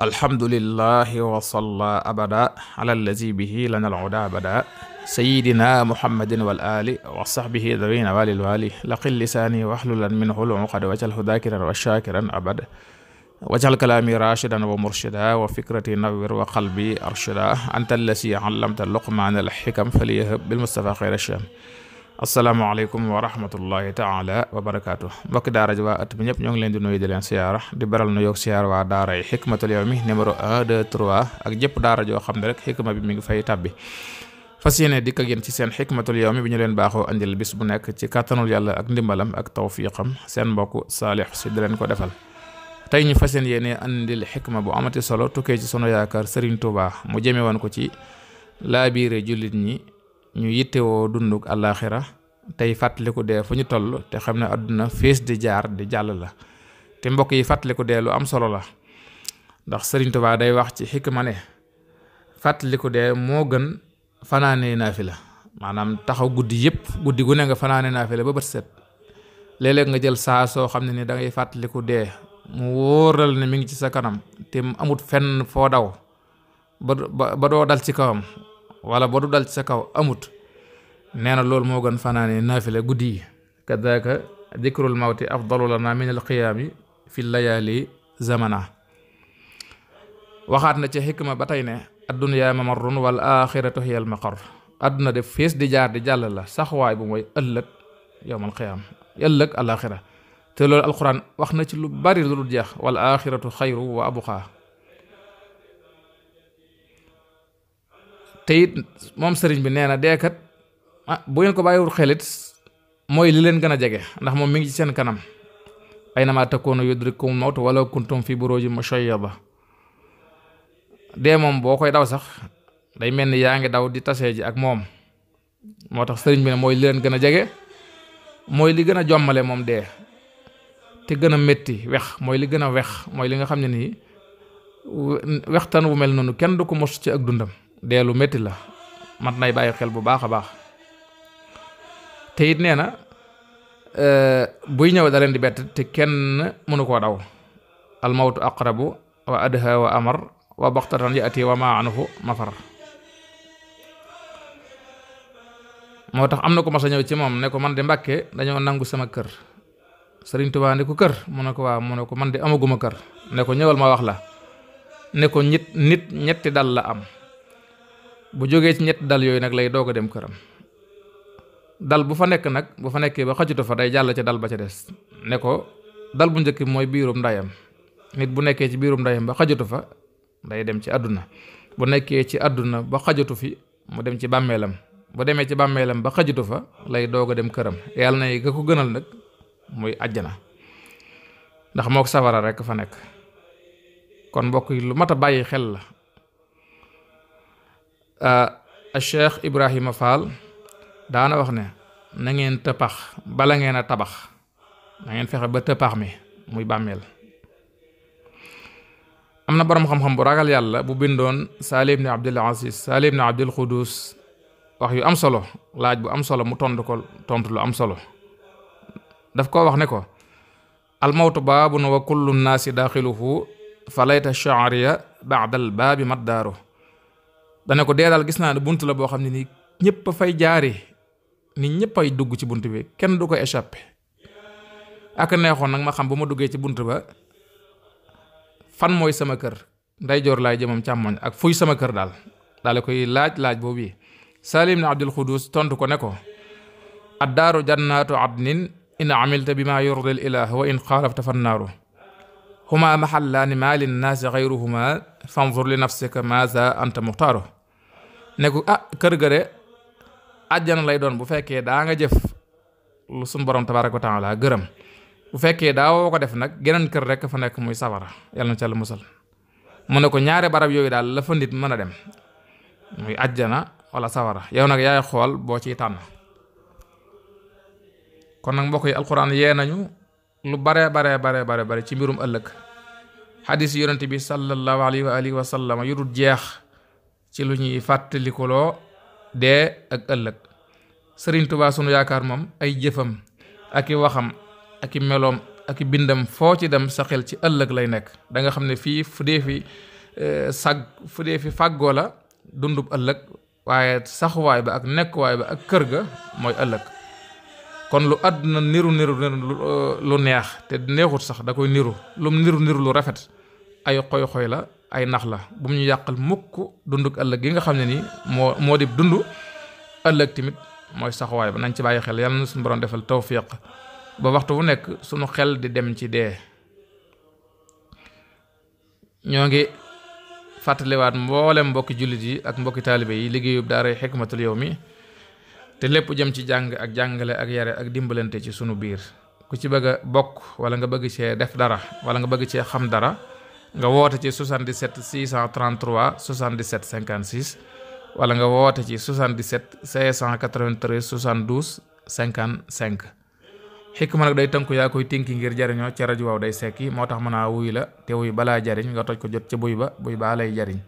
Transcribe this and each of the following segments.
alhamdulillahi wa salla abada ala allazi bihi lana alhuda abada sayidina muhammadin wal ali wa sahbihi dawina walil wali laqil lisaani waxlulan minhu lumuqad waj'alhu dhakiran wa shakiran abada waj'al kalaami rashidan wa murshida wa fikrati nawwir wa qalbi arshida anta allazi allamta luqmaana alxikam faliyahab bilmustafa xayra sham asalaamaaleykum wa rahmatullahi taala wa barakaatu mbokki daara ji waa at bi ñëpp ñoo ngi leen di nuyu di leen siyaara di baral nu yoog siyaar waa daara yi xikmatul yawmi numéro 1 2 3 ak jëpp daara xam ne rek xikma bi mi ngi fay tabbi fas yéene dikk ak yéen ci seen xikmatul yawmi bi ñu leen baaxoo andil bis bu nekk ci kàttanul yàlla ak ndimbalam ak tawfiqam seen mbokk saalix si di leen ko defal tey ñu fas yéene andil xikma bu amati solo tukkee ci sunu yaakaar Serigne Touba mu jëme woon ko ci laabiire jullit ñi ñu yittewoo dunduk àllaaxira tey fàttaliku dee fu ñu toll te xam ne àdduna fees di jaar di jàll la te mbokk yi fàttaliku dee lu am solo la ndax Sëriñ Tuubaa day wax ci xikma ne fàttaliku dee moo gën fanaane naafila maanaam taxaw guddi yëpp guddi gu ne nga fanaane naafila ba bët set léeg nga jël saa soo xam ne ni dangay fàttaliku dee mu wóoral ne mi ngi ci sa kanam te mu amut fenn foo daw ba doo dal ci kawam wala ba du dal ci sa kaw amut nee na loolu moo gën fanaane naafila guddi yi kadaka dikrul mawti afdalu lana min alqiyaami fi layaali zamana waxaat na ci xikma ba tey ne adduniyaa mamarrun wal axiratu hiya almaqar adduna def fees di jaar di jàll la saxuwaay bu mooy ëllëg yowmal qiyaam ëllëg alaxira te loolu alquran wax na ci lu bari lu dul jeex wal axiratu xayru wa abuqaa te moom sëriñ bi nee na deekat ah bu ngeen ko bàyyiwul xelit mooy li leen gën a jege ndax moom mi ngi ci seen kanam na aynama takoonu yudrikum mawt wala kuntum fi buruji ba dee moom boo koy daw sax day mel ni yaa ngi daw di tasee ji ak moom moo tax sëriñ bi ne mooy li leen gën a jege mooy li gën a jommale moom dee te gën a métti wex mooy li gën a wex mooy li nga xam ne nii wextaan wu mel noonu kenn du ko mos ci ak dundam dee metti la mat nay bàyyi xel bu baax a baax te it nee na euh, buy ñëw da leen di bett te kenn mënu koo daw almawtu aqrabu wa adha wa amar wa baxtatan yaati wa ma anhu moo tax am na ko ma a ñëw ci moom ne ko man de mbàkke dañoo nangu sama kër sëriñ Tuubaa ne ko kër mu ko waaw mu ne ko man de amaguma kër ne ko ñëwal ma wax la ne ko nit nit ñetti dal la am bu jógee ci ñetti dal yooyu nag lay doog a dem këram dal bu fa nekk nag bu fa nekkee ba xajutu fa day jàll ca dal ba ca des ne ko dal bu njëkk mooy biirum ndayam nit bu nekkee ci biirum ndayam ba xajutu fa day dem ci àdduna bu nekkee ci àdduna ba xajatu fi mu dem ci bàmmeelam bu demee ci bàmmeelam ba xajutu fa lay doog a dem këram yàlla na yi ko gënal nag muy àjjana ndax mook ko safara rekk fa nekk kon mbokk yi lu mat a bàyyi xel la Cheikh Ibrahima Fall daana wax ne na ngeen tëppax bala ngeen a tabax na ngeen fexe ba tëppax mi muy bàmmeel am na boroom xam-xam bu ragal yàlla bu bindoon Salih ibn Abdul Aziz Salih ibn Abdul Xudus wax yu am solo laaj bu am solo mu tontu ko tontu lu am solo daf koo wax ne ko almawtu baabun wa kullu nnaasi daaxiluhu fa layta chaariya baada albaabi maddaaru dana ko dee daal gis naa ne bunt la boo xam ne nii ñëpp a fay jaari ni ñëpp ay dugg ci bunt bi kenn du ko échappé ak neexoon nag ma xam bu ma duggee ci bunt ba fan mooy sama kër ndeyjoor laay jëmam càmmoñ ak fuy sama kër daal daal koy laaj laaj boobu yi Salim na Abdul Xudus tontu ko ne ko addaaru jannaatu adnin in amilta bi maa yurdil ilaah wa in xaalafta fannaaru huma mahallaani maa linnaasi xayruhuma fanzur li nafsika maasa anta muxtaaru ne ko ah kër ga de àjjana lay doon bu fekkee daa nga jëf lu sunu borom tabaaraka wa taala gërëm bu fekkee daa woo ko def nag geneen kër rek fa nekk muy sawara yàlla na ca la musal mu ne ko ñaari barab yooyu daal la nit mën a dem muy àjjana wala safara yow nag yaay xool boo ci tànn kon nag mbokk yi alxuraan yee nañu lu bare bare bare bare bare ci mbirum ëllëg xadiis yonente bi sallallahu alayhi wa alihi yu dul jeex ci lu ñuy fàttalikuloo dee ak ëllëg sëriñ tubaa sunu yaakaar moom ay jëfam ak i waxam ak i meloom ak i bindam foo ci dem sa xel ci ëllëg lay nekk danga xam ne fii fu dee fi eh, sag fu dee fi fàggoo la dundub ëllëg waaye saxuwaay ba ak nekkuwaay ba ak kër ga mooy ëllëg kon lu àdduna niru niru eh, lu neex te neexut sax da koy niru lum niru niru lu rafet ay xoy-xoy la ay nax la bu mu ñu yàqal mukk dunduk ëllëg gi nga xam ne ni moo moo di dund ëllëg tamit mooy saxuwaay ba nañ ci bàyyi xel yàlla na suñu borom defal tawfiq ba waxtu wu nekk suñu xel di dem ci dee ñoo ngi fàttaliwaat mboolem mbokki jullit yi ak mbokki taalibe yi liggéeyu liggéeyub daaray xikmatul mi te lépp jëm ci jàng ak jàngale ak yare ak dimbalante ci sunu biir ku ci bëgg bokk wala nga bëgg cee def dara wala nga bëgg cee xam dara nga woote ci 77 633 77 56 wala nga woote ci 77 cinquante 72 55. ma nag day tënku yaa koy tinki ngir jariñoo ci rajo waaw day sekki moo tax mën naa wuy la te wuy balaa jariñ nga toj ko jot ci buy ba buy baa lay jariñ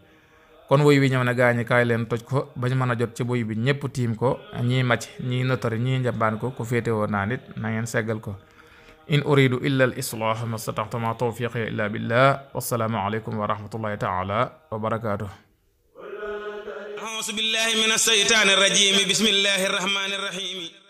kon wuy wi ñëw na gaañi kaay leen toj ko bañ mën a jot ci buy bi ñépp tiim ko ñii màcc ñii notari ñii njambaan ko ku féetewoo naa nit na ngeen seggal ko in uridu illa al islah ma stataxtu ma tawfiqi illa billah wassalaamu aleykum wa rahmatullahi taala wa barakatuh auzu billahi min asheytaani rajim bismillahi rahmani rahim